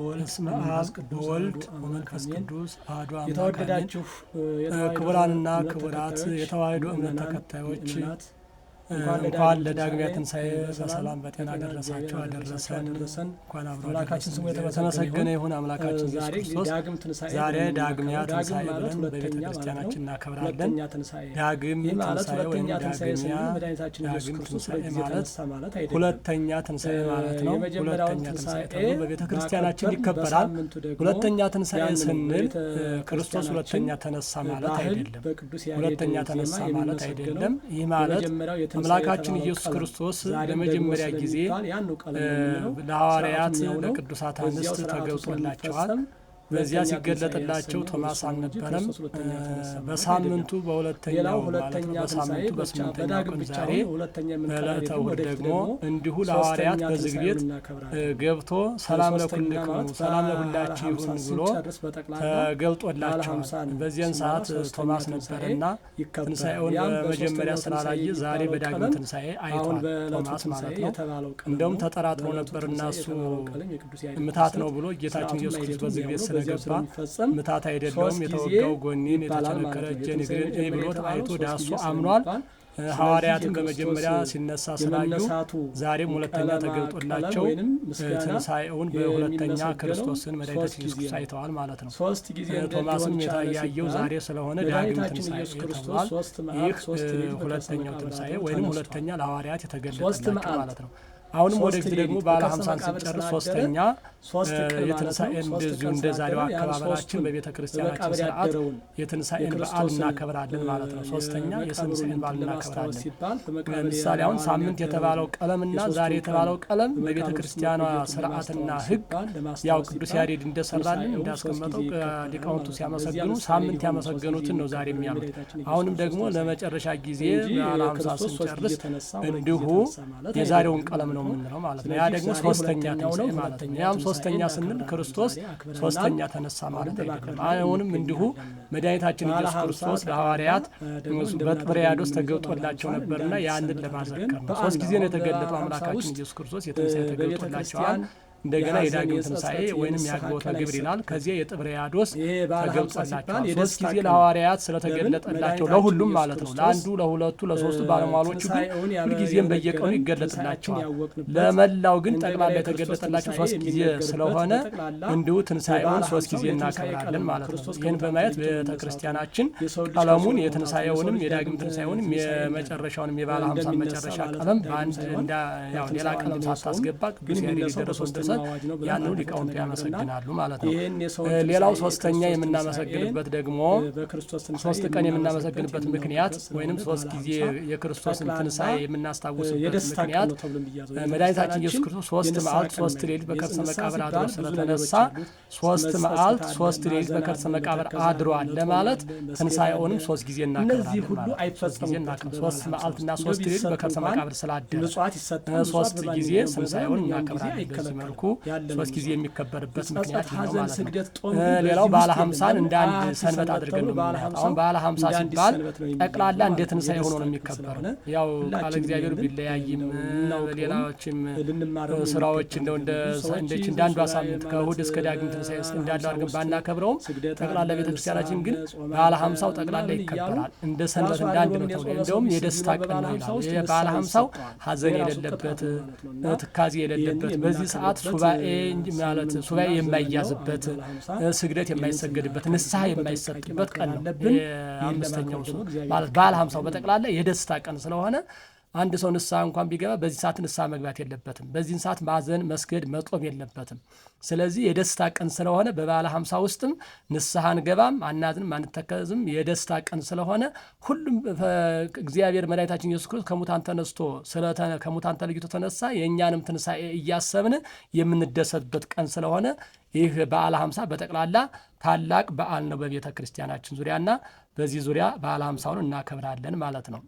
በስመ አብ ወወልድ ወመንፈስ ቅዱስ አሐዱ አምላክ። የተወደዳችሁ ክቡራንና ክቡራት የተዋሕዶ እምነት ተከታዮች እንኳን ለዳግቢያ ትንሳኤ በሰላም በጤና አደረሳችሁ አደረሰን። እንኳን አብሮ አምላካችን ስሙ የተመሰገነ ይሁን። አምላካችን ኢየሱስ ዛሬ ዳግሚያ ትንሳኤ ብለን በቤተ ክርስቲያናችን እናከብራለን። ዳግም ትንሣኤ ወይም ዳግሚያ ዳግም ማለት ሁለተኛ ትንሳኤ ማለት ነው። ሁለተኛ ትንሳኤ ተብሎ በቤተ ክርስቲያናችን ይከበራል። ሁለተኛ ትንሳኤ ስንል ክርስቶስ ሁለተኛ ተነሳ ማለት አይደለም። ሁለተኛ ተነሳ ማለት አይደለም። ይህ ማለት አምላካችን ኢየሱስ ክርስቶስ ለመጀመሪያ ጊዜ ለሐዋርያት ለቅዱሳት አንስት ተገልጦላቸዋል። በዚያ ሲገለጥላቸው ቶማስ አልነበረም። በሳምንቱ በሁለተኛው ማለት ነው በሳምንቱ በስምንተኛው ቀን ዛሬ በዕለተ እሁድ ደግሞ እንዲሁ ለሐዋርያት በዝግ ቤት ገብቶ ሰላም ለኩልክሙ ሰላም ለሁላችሁ ይሁን ብሎ ተገልጦላቸዋል። በዚያን ሰዓት ቶማስ ነበረና ትንሣኤውን በመጀመሪያ ስላላየ ዛሬ በዳግም ትንሣኤ አይቷል ቶማስ ማለት ነው። እንደውም ተጠራጥሮ ነበርና እሱ ምታት ነው ብሎ ጌታችን ኢየሱስ ክርስቶስ በዝግ ቤት ስለገባ ምታት አይደለውም የተወጋው ጎኔን የተቸነከረ እጄን እግሬን ይህ ብሎት አይቶ ዳሱ አምኗል። ሐዋርያትን በመጀመሪያ ሲነሳ ስላዩ ዛሬም ሁለተኛ ተገልጦላቸው ትንሳኤውን በሁለተኛ ክርስቶስን መድኃኒት ኢየሱስ ክርስቶስ አይተዋል ማለት ነው። ቶማስም የታያየው ዛሬ ስለሆነ ዳግም ትንሳኤ ተብሏል። ይህ ሁለተኛው ትንሳኤ ወይም ሁለተኛ ለሐዋርያት የተገለጠላቸው ማለት ነው። አሁንም ወደፊት ደግሞ ባለ ሀምሳን ስንጨርስ ሶስተኛ የትንሳኤን እንደዚሁ እንደ ዛሬው አከባበራችን በቤተ ክርስቲያናችን ስርዓት የትንሳኤን በዓል እናከብራለን ማለት ነው። ሶስተኛ የትንሳኤን በዓል እናከብራለን። ምሳሌ አሁን ሳምንት የተባለው ቀለምና ዛሬ የተባለው ቀለም በቤተ ክርስቲያኗ ስርዓትና ሕግ ያው ቅዱስ ያሬድ እንደሰራልን እንዳስቀመጠው ሊቃውንቱ ሲያመሰግኑ ሳምንት ያመሰገኑትን ነው ዛሬ የሚያሉት። አሁንም ደግሞ ለመጨረሻ ጊዜ ባለ ሀምሳ ስንጨርስ እንዲሁ የዛሬውን ቀለም ነው ነው የምንለው ማለት ነው። ያ ደግሞ ሶስተኛ ትንሣኤ ማለት ነው። ያም ሶስተኛ ስንል ክርስቶስ ሶስተኛ ተነሳ ማለት አይደለም። አሁንም እንዲሁ መድኃኒታችን ኢየሱስ ክርስቶስ ለሐዋርያት በጥብርያዶስ ተገልጦላቸው ነበርና ያንን ለማዘከር ነው። ሶስት ጊዜ ነው የተገለጠው አምላካችን ኢየሱስ ክርስቶስ የትንሣኤ ተገልጦላቸዋል። እንደገና የዳግም ትንሣኤ ወይንም የአግቦተ ግብር ይላል። ከዚያ የጥብርያዶስ ተገልጾላቸዋል። ሶስት ጊዜ ለሐዋርያት ስለተገለጠላቸው ለሁሉም ማለት ነው፣ ለአንዱ፣ ለሁለቱ፣ ለሶስቱ ባለሟሎቹ ግን ሁልጊዜም በየቀኑ ይገለጥላቸዋል። ለመላው ግን ጠቅላላ የተገለጠላቸው ሶስት ጊዜ ስለሆነ እንዲሁ ትንሣኤውን ሶስት ጊዜ እናከብራለን ማለት ነው። ይህን በማየት ቤተ ክርስቲያናችን ቀለሙን የትንሣኤውንም የዳግም ትንሣኤውንም የመጨረሻውንም የባለ ሀምሳ መጨረሻ ቀለም በአንድ ሌላ ቀለም ሳታስገባ ግን የደረሶ በመውሰድ ያንን ሊቃውንት ያመሰግናሉ ማለት ነው። ሌላው ሶስተኛ የምናመሰግንበት ደግሞ ሶስት ቀን የምናመሰግንበት ምክንያት ወይም ሶስት ጊዜ የክርስቶስን ትንሳኤ የምናስታውስበት ምክንያት መድኃኒታችን ኢየሱስ ክርስቶስ ሶስት መዓልት ሶስት ሌሊት በከርሰ መቃብር አድሮ ስለተነሳ ሶስት መዓልት ሶስት ሌሊት በከርሰ መቃብር አድሯል ለማለት ትንሳኤውንም ሶስት ጊዜ እናከብራለን። ሶስት መዓልትና ሶስት ሌሊት በከርሰ መቃብር ስላደረ ሶስት ጊዜ ትንሳኤውን እናከብራለን በዚህ መልኩ መልኩ ሶስት ጊዜ የሚከበርበት ምክንያት ነው ማለት ነው። ሌላው ባለ ሀምሳን እንደ አንድ ሰንበት አድርገን ነው አሁን ባለ ሀምሳ ሲባል ጠቅላላ እንደ ትንሳኤ ሆኖ ነው የሚከበረው። ያው ቃለ እግዚአብሔር ቢለያይም ሌላዎችም ስራዎች እንደው እንደች እንደ አንዷ ሳምንት ከእሁድ እስከ ዳግም ትንሳኤ እንዳለው አድርገን ባናከብረውም ጠቅላላ ቤተ ክርስቲያናችን ግን ባለ ሀምሳው ጠቅላላ ይከበራል እንደ ሰንበት እንደ አንድ ነው ተብሎ እንደውም የደስታ ቀን ነው ይላል። ባለ ሀምሳው ሀዘን የሌለበት ትካዜ የሌለበት በዚህ ሰዓት ሱባኤ እንጂ ማለት ሱባኤ የማይያዝበት ስግደት የማይሰገድበት ንስሐ የማይሰጥበት ቀን ነው። አምስተኛው ማለት በዓለ ሀምሳው በጠቅላላ የደስታ ቀን ስለሆነ አንድ ሰው ንስሐ እንኳን ቢገባ በዚህ ሰዓት ንስሐ መግባት የለበትም። በዚህን ሰዓት ማዘን፣ መስገድ፣ መጦም የለበትም። ስለዚህ የደስታ ቀን ስለሆነ በበዓለ ሀምሳ ውስጥም ንስሐ አንገባም፣ አናዝንም፣ አንተከዝም። የደስታ ቀን ስለሆነ ሁሉም እግዚአብሔር መድኃኒታችን ኢየሱስ ክርስቶስ ከሙታን ተነስቶ ከሙታን ተለይቶ ተነሳ፣ የእኛንም ትንሣኤ እያሰብን የምንደሰትበት ቀን ስለሆነ ይህ በዓለ ሀምሳ በጠቅላላ ታላቅ በዓል ነው በቤተ ክርስቲያናችን ዙሪያና በዚህ ዙሪያ በዓለ ሀምሳውን እናከብራለን ማለት ነው።